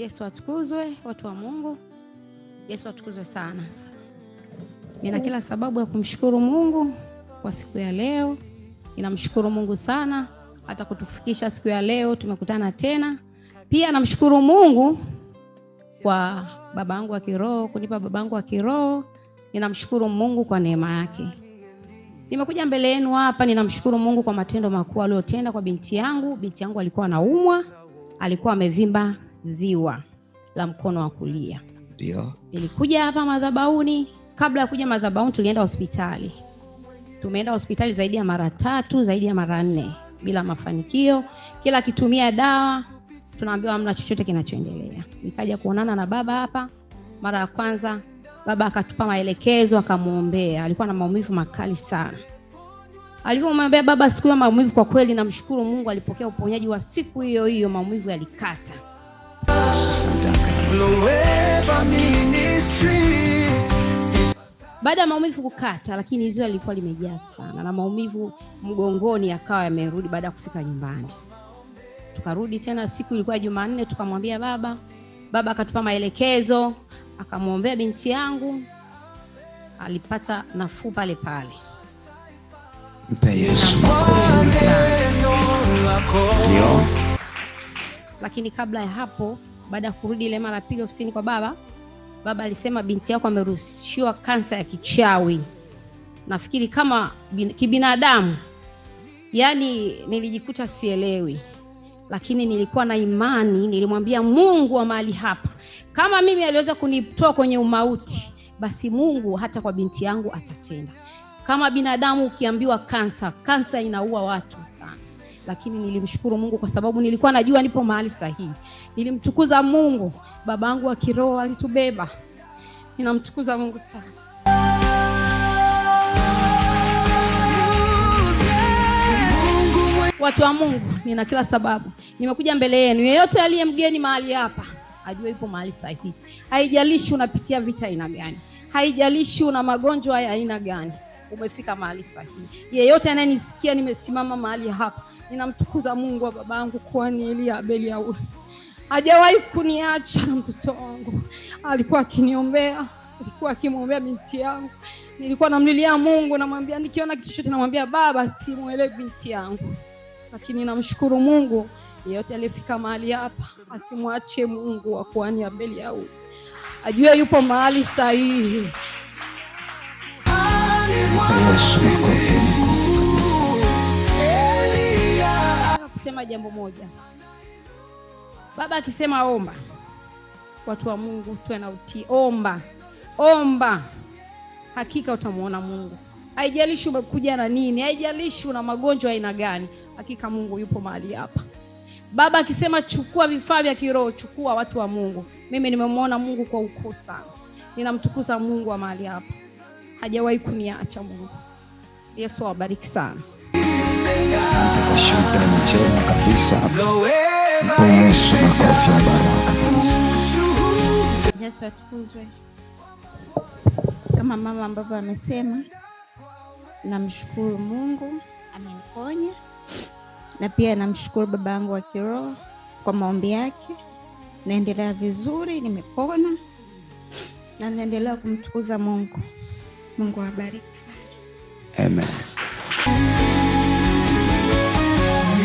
Yesu atukuzwe, watu wa Mungu. Yesu atukuzwe sana. Nina kila sababu ya kumshukuru Mungu kwa siku ya leo. Ninamshukuru Mungu sana hata kutufikisha siku ya leo, tumekutana tena. Pia namshukuru Mungu kwa baba yangu wa kiroho, kunipa baba yangu wa kiroho. Ninamshukuru Mungu kwa neema yake. Nimekuja mbele yenu hapa, ninamshukuru Mungu kwa matendo makuu aliyotenda kwa binti yangu. Binti yangu alikuwa anaumwa, alikuwa amevimba ziwa la mkono wa kulia. Ndio nilikuja hapa madhabauni Kabla ya kuja madhabauni tulienda hospitali. Tumeenda hospitali zaidi ya mara tatu, zaidi ya mara nne, bila mafanikio. Kila akitumia dawa tunaambiwa hamna chochote kinachoendelea. Nikaja kuonana na baba hapa mara ya kwanza, baba akatupa maelekezo, akamwombea. Alikuwa na maumivu makali sana. Alivyomwombea baba siku hiyo maumivu, kwa kweli namshukuru Mungu, alipokea uponyaji wa siku hiyo hiyo, maumivu yalikata. Baada ya maumivu kukata, lakini ziwa lilikuwa limejaa sana, na maumivu mgongoni akawa yamerudi baada ya kufika nyumbani. Tukarudi tena siku ilikuwa Jumanne, tukamwambia baba. Baba akatupa maelekezo, akamwombea binti yangu, alipata nafuu pale pale. Mpe Yesu Lakini kabla ya hapo baada ya kurudi ile mara pili ofisini kwa baba, baba alisema binti yako amerushiwa kansa ya kichawi. Nafikiri kama kibinadamu, yani nilijikuta sielewi, lakini nilikuwa na imani. Nilimwambia Mungu wa mahali hapa, kama mimi aliweza kunitoa kwenye umauti, basi Mungu hata kwa binti yangu atatenda. Kama binadamu ukiambiwa kansa, kansa inaua watu sana lakini nilimshukuru Mungu kwa sababu nilikuwa najua nipo mahali sahihi. Nilimtukuza Mungu, babangu wa kiroho alitubeba. Ninamtukuza Mungu sana. Watu wa Mungu, nina kila sababu nimekuja mbele yenu. Yeyote aliye mgeni mahali hapa ajue ipo mahali sahihi. Haijalishi unapitia vita aina gani, haijalishi una magonjwa ya aina gani umefika mahali sahihi. Yeyote anayenisikia nimesimama mahali hapa, ninamtukuza Mungu wa baba yangu, kwani Eliya Abeli Yauli hajawahi kuniacha na mtoto wangu. Alikuwa akiniombea, alikuwa akimwombea binti yangu. Nilikuwa namlilia Mungu, namwambia nikiona kitu chochote, namwambia Baba, simuelewi binti yangu, lakini namshukuru Mungu. Yeyote aliyefika mahali hapa asimwache Mungu wa kuhani Abeli Yauli, ajue yupo mahali sahihi kusema jambo moja. Baba akisema omba, watu wa Mungu tuwe na utii. Omba, omba, hakika utamwona Mungu. Haijalishi umekuja na nini, haijalishi una magonjwa aina gani, hakika Mungu yupo mahali hapa. Baba akisema chukua vifaa vya kiroho, chukua watu wa Mungu. Mimi nimemwona Mungu kwa ukuu sana, ninamtukuza Mungu wa mahali hapa hajawahi kuniacha Mungu. Yesu awabariki sana. Asante kwa njema kabisa. Mpe Yesu makofi ya baraka Yesu atukuzwe. Kama mama ambavyo amesema, namshukuru Mungu ameniponya, na pia namshukuru baba yangu wa kiroho kwa maombi yake. Naendelea vizuri, nimepona na naendelea kumtukuza Mungu. Mungu awabariki sana. Amen.